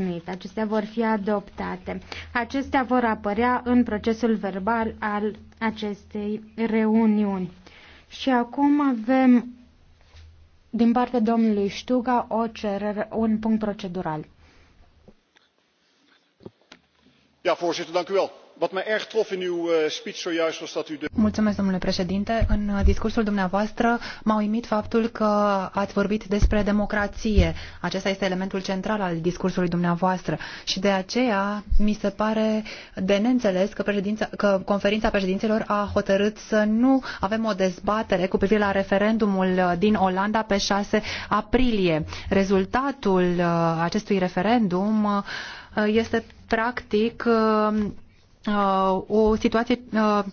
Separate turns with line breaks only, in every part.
obișnuit. Acestea vor fi adoptate. Acestea vor apărea în procesul verbal al acestei reuniuni. Și acum avem din partea domnului Ștuga o cerere, un punct procedural.
Ja, voorzitter, dank u wel
domnule președinte în eh, discursul dumneavoastră m a uimit faptul că ați vorbit despre democrație acesta este elementul central al discursului dumneavoastră și de aceea mi se pare de neînțeles că, că conferința președinților a hotărât să nu avem o dezbatere cu privire la referendumul eh, din olanda pe șase aprilie. rezultatul eh, acestui referendum este practic Uh, o situație uh,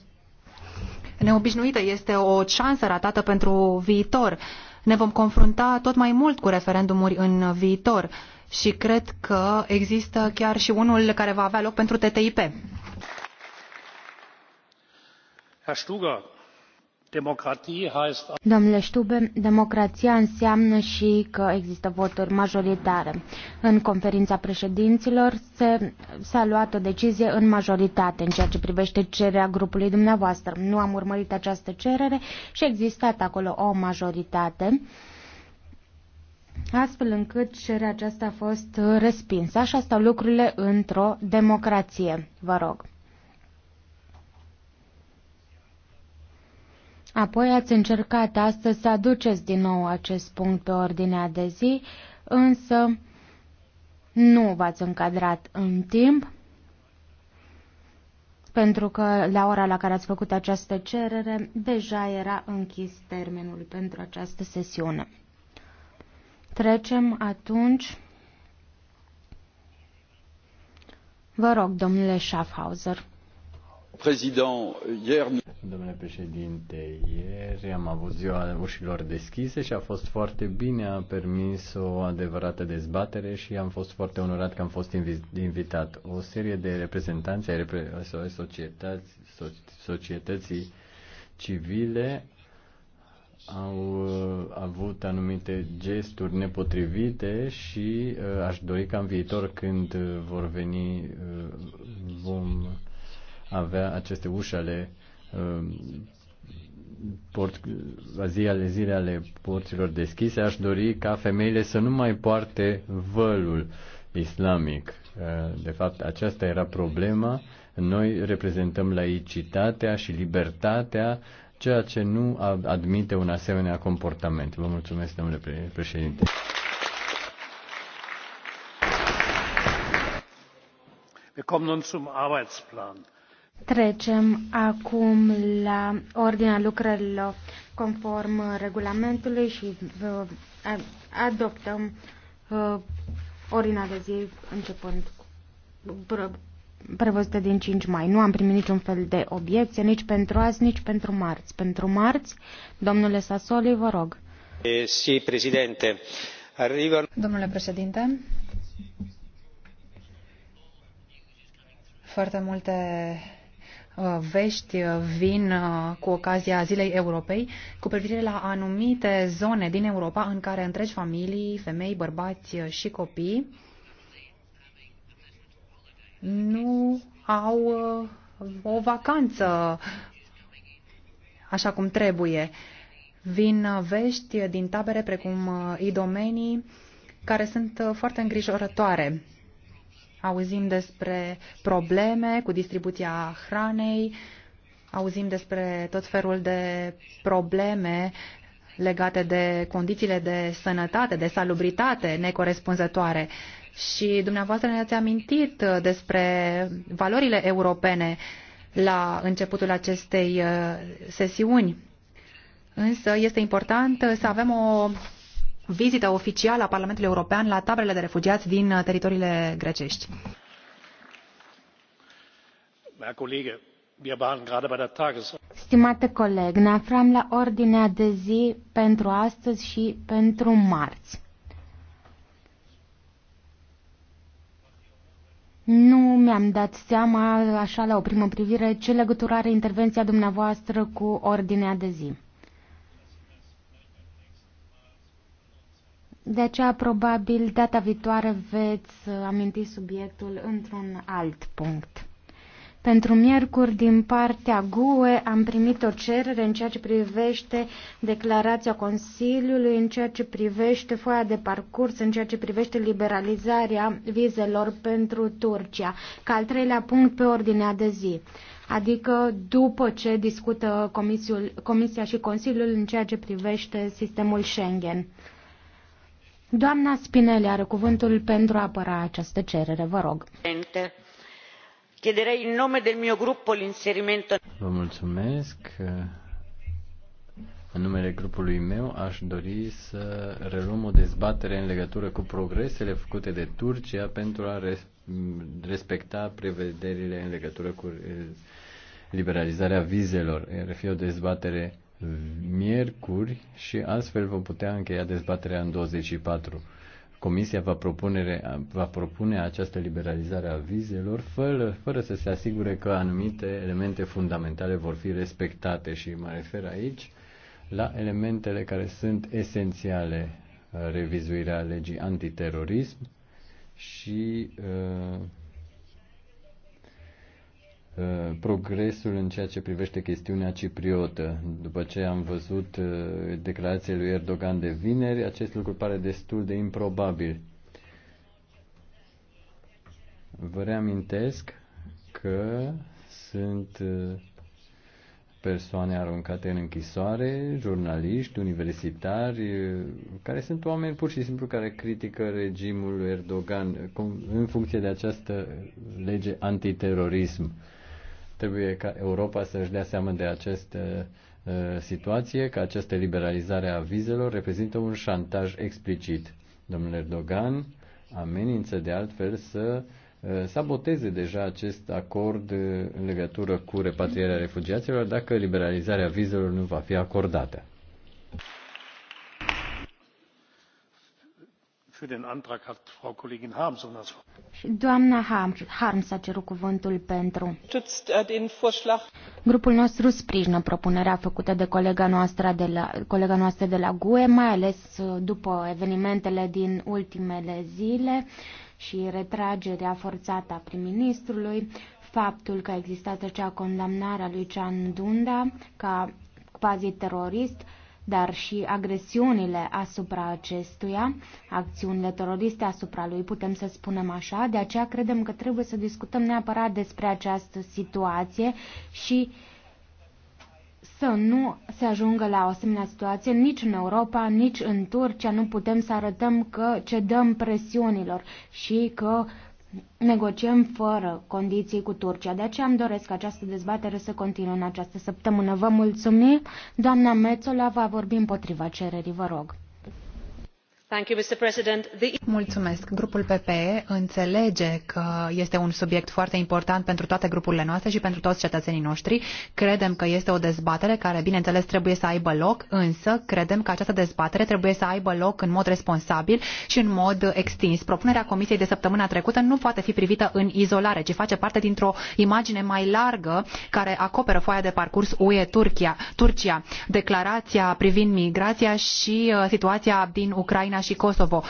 neobișnuită, este o șansă ratată pentru viitor. Ne vom confrunta tot mai mult cu referendumuri în viitor și cred că există chiar și unul care va avea loc pentru TTIP. Herr Stuger, Domnule Stube,
democrația înseamnă și că există voturi majoritare. În conferința președinților s-a luat o decizie în majoritate în ceea ce privește cererea grupului dumneavoastră. Nu am urmărit această cerere și a existat acolo o majoritate astfel încât cererea aceasta a fost respinsă. Așa stau lucrurile într-o democrație, vă rog. Apoi ați încercat astăzi să aduceți din nou acest punct pe ordinea de zi, însă nu v-ați încadrat în timp, pentru că la ora la care ați făcut această cerere, deja era închis termenul pentru această sesiune. Trecem atunci... Vă rog, domnule Schaffhauser
président, hier... Domnule președinte, ieri am avut ziua ușilor deschise și a fost foarte bine, a permis o adevărată dezbatere și am fost foarte onorat că am fost invitat. O serie de reprezentanți ai societăți, societății civile au uh, avut anumite gesturi nepotrivite și uh, aș dori ca în viitor când uh, vor veni vom avea aceste uși ale um, port, zi ale zile ale porților deschise, aș dori ca femeile să nu mai poarte vălul islamic. Uh, de fapt, aceasta era problema. Noi reprezentăm laicitatea și libertatea, ceea ce nu admite un asemenea comportament. Vă mulțumesc, domnule președinte.
Wir kommen nun zum Arbeitsplan
Trecem acum la ordinea lucrărilor conform regulamentului și uh, adoptăm uh, ordinea de zi începând cu prevăzută din 5 mai. Nu am primit niciun fel de obiecție nici pentru azi, nici pentru marți. Pentru marți, domnule Sasoli, vă rog.
Eh, si, președinte.
Domnule președinte, foarte multe Uh, vești uh, vin uh, cu ocazia Zilei Europei cu privire la anumite zone din Europa în care întregi familii, femei, bărbați și copii nu au o vacanță așa cum trebuie. Vin vești din tabere precum idomenii care sunt foarte îngrijorătoare. Auzim despre probleme cu distribuția hranei, auzim despre tot felul de probleme legate de condițiile de sănătate, de salubritate necorespunzătoare. Și dumneavoastră ne-ați amintit despre valorile europene la începutul acestei uh, sesiuni. Însă este important să avem o vizită oficială a Parlamentului European la taberele de refugiați din uh, teritoriile grecești.
Stimate coleg, ne aflăm la ordinea de zi pentru astăzi și pentru marți. Nu mi-am dat seama, așa la o primă privire, ce legătură are intervenția dumneavoastră cu ordinea de zi. De aceea, probabil, data viitoare veți uh, aminti subiectul într-un alt punct. Pentru miercuri, din partea GUE, am primit o cerere în ceea ce privește declarația Consiliului, în ceea ce privește foaia de parcurs, în ceea ce privește liberalizarea vizelor pentru Turcia, ca al treilea punct pe ordinea de zi adică după ce discută Comisia și Consiliul în ceea ce privește sistemul Schengen. Doamna Spinelli are cuvântul pentru a apăra această cerere. Vă rog. Chiederei în nume del mio gruppo l'inserimento.
Vă mulțumesc. În numele grupului meu aș dori să reluăm o dezbatere în legătură cu progresele făcute de Turcia pentru a respecta prevederile în legătură cu eh, liberalizarea vizelor. Ar fi o dezbatere miercuri și astfel vă putea încheia dezbaterea în 24. Comisia va propune, va propune această liberalizare a vizelor fără, fără să se asigure că anumite elemente fundamentale vor fi respectate și mă refer aici la elementele care sunt esențiale uh, revizuirea legii antiterorism și uh, Uh, progresul în ceea ce privește chestiunea cipriotă. După ce am văzut uh, declarația lui Erdogan de vineri, acest lucru pare destul de improbabil. Vă reamintesc că sunt uh, persoane aruncate în închisoare, jurnaliști, universitari, care sunt oameni pur și simplu care critică regimul lui Erdogan în funcție de această lege antiterorism. Trebuie ca Europa să-și dea seama de această uh, situație, că această liberalizare a vizelor reprezintă un șantaj explicit. Domnul Erdogan amenință de altfel să uh, saboteze deja acest acord uh, în legătură cu repatrierea refugiaților dacă liberalizarea vizelor nu va fi acordată.
Doamna Harms a cerut cuvântul pentru.
Äh,
Grupul nostru sprijină propunerea făcută de colega noastră de la, colega noastră de la GUE, mai ales uh, după evenimentele din ultimele zile și retragerea forțată a prim-ministrului, faptul că a existat acea condamnare a lui Chan Dunda ca quasi terorist, dar și agresiunile asupra acestuia, acțiunile teroriste asupra lui, putem să spunem așa. De aceea credem că trebuie să discutăm neapărat despre această situație și să nu se ajungă la o asemenea situație nici în Europa, nici în Turcia. Nu putem să arătăm că cedăm presiunilor și că negociem fără condiții cu Turcia. De aceea îmi doresc această dezbatere să continue în această săptămână. Vă mulțumim. Doamna Mețola va vorbi împotriva cererii, vă rog.
Mulțumesc. Grupul PPE înțelege că este un subiect foarte important pentru toate grupurile noastre și pentru toți cetățenii noștri. Credem că este o dezbatere care, bineînțeles, trebuie să aibă loc, însă credem că această dezbatere trebuie să aibă loc în mod responsabil și în mod extins. Propunerea Comisiei de săptămâna trecută nu poate fi privită în izolare, ci face parte dintr-o imagine mai largă care acoperă foaia de parcurs UE-Turcia, Turcia, declarația privind migrația și uh, situația din Ucraina și Kosovo.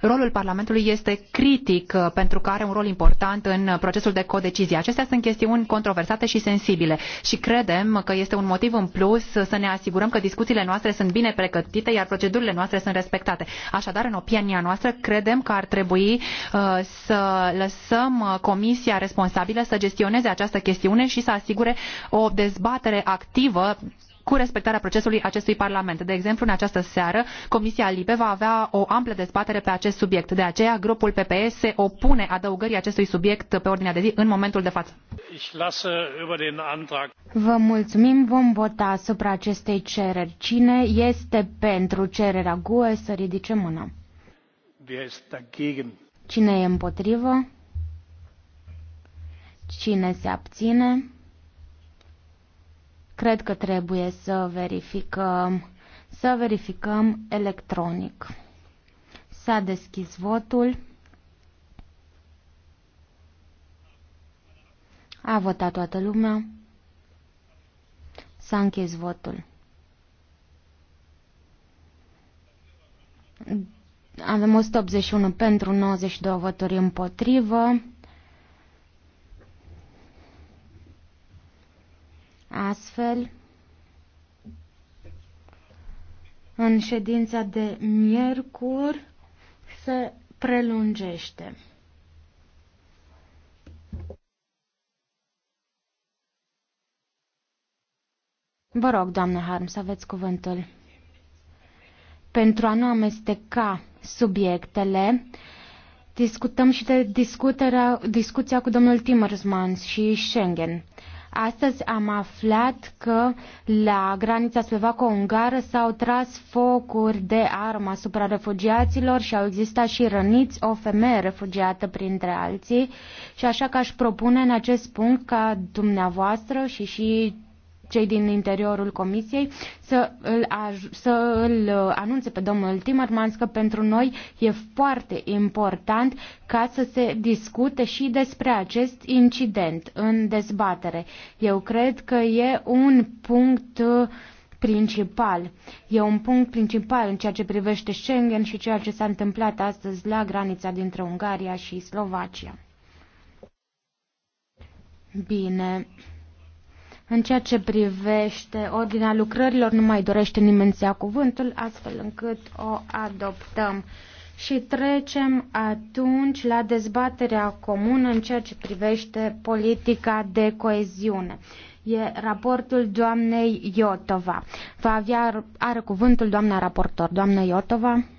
Rolul Parlamentului este critic uh, pentru că are un rol important în uh, procesul de codecizie. Acestea sunt chestiuni controversate și sensibile și credem că este un motiv în plus să ne asigurăm că discuțiile noastre sunt bine pregătite, iar procedurile noastre sunt respectate. Așadar, în opinia noastră, credem că ar trebui uh, să lăsăm comisia responsabilă să gestioneze această chestiune și să asigure o dezbatere activă cu respectarea procesului acestui Parlament. De exemplu, în această seară, Comisia Libe va avea o amplă dezbatere pe acest subiect. De aceea, grupul PPE se opune adăugării acestui subiect pe ordinea de zi în momentul de față. Vă
mulțumim, vom vota asupra acestei cereri. Cine este pentru cererea GUE să ridice mâna? Cine e împotrivă? Cine se abține? Cred că trebuie să verificăm, să verificăm electronic. S-a deschis votul. A votat toată lumea. S-a închis votul. Avem 181 pentru, 92 voturi împotrivă. Astfel, în ședința de miercuri se prelungește. Vă rog, doamnă să aveți cuvântul. Pentru a nu amesteca subiectele, discutăm și de discuția cu domnul Timmermans și Schengen. Astăzi am aflat că la granița slovaco-ungară s-au tras focuri de armă asupra refugiaților și au existat și răniți, o femeie refugiată printre alții. Și așa că aș propune în acest punct ca dumneavoastră și și cei din interiorul comisiei să îl, să îl uh, anunțe pe domnul Timmermans că pentru noi e foarte important ca să se discute și despre acest incident în dezbatere. Eu cred că e un punct uh, principal. E un punct principal în ceea ce privește Schengen și ceea ce s-a întâmplat astăzi la granița dintre Ungaria și Slovacia. Bine. În ceea ce privește ordinea lucrărilor, nu mai dorește nimeni să ia cuvântul, astfel încât o adoptăm. Și trecem atunci la dezbaterea comună în ceea ce privește politica de coeziune. E raportul doamnei Iotova. Va avea, are cuvântul doamna raportor. Doamna Iotova.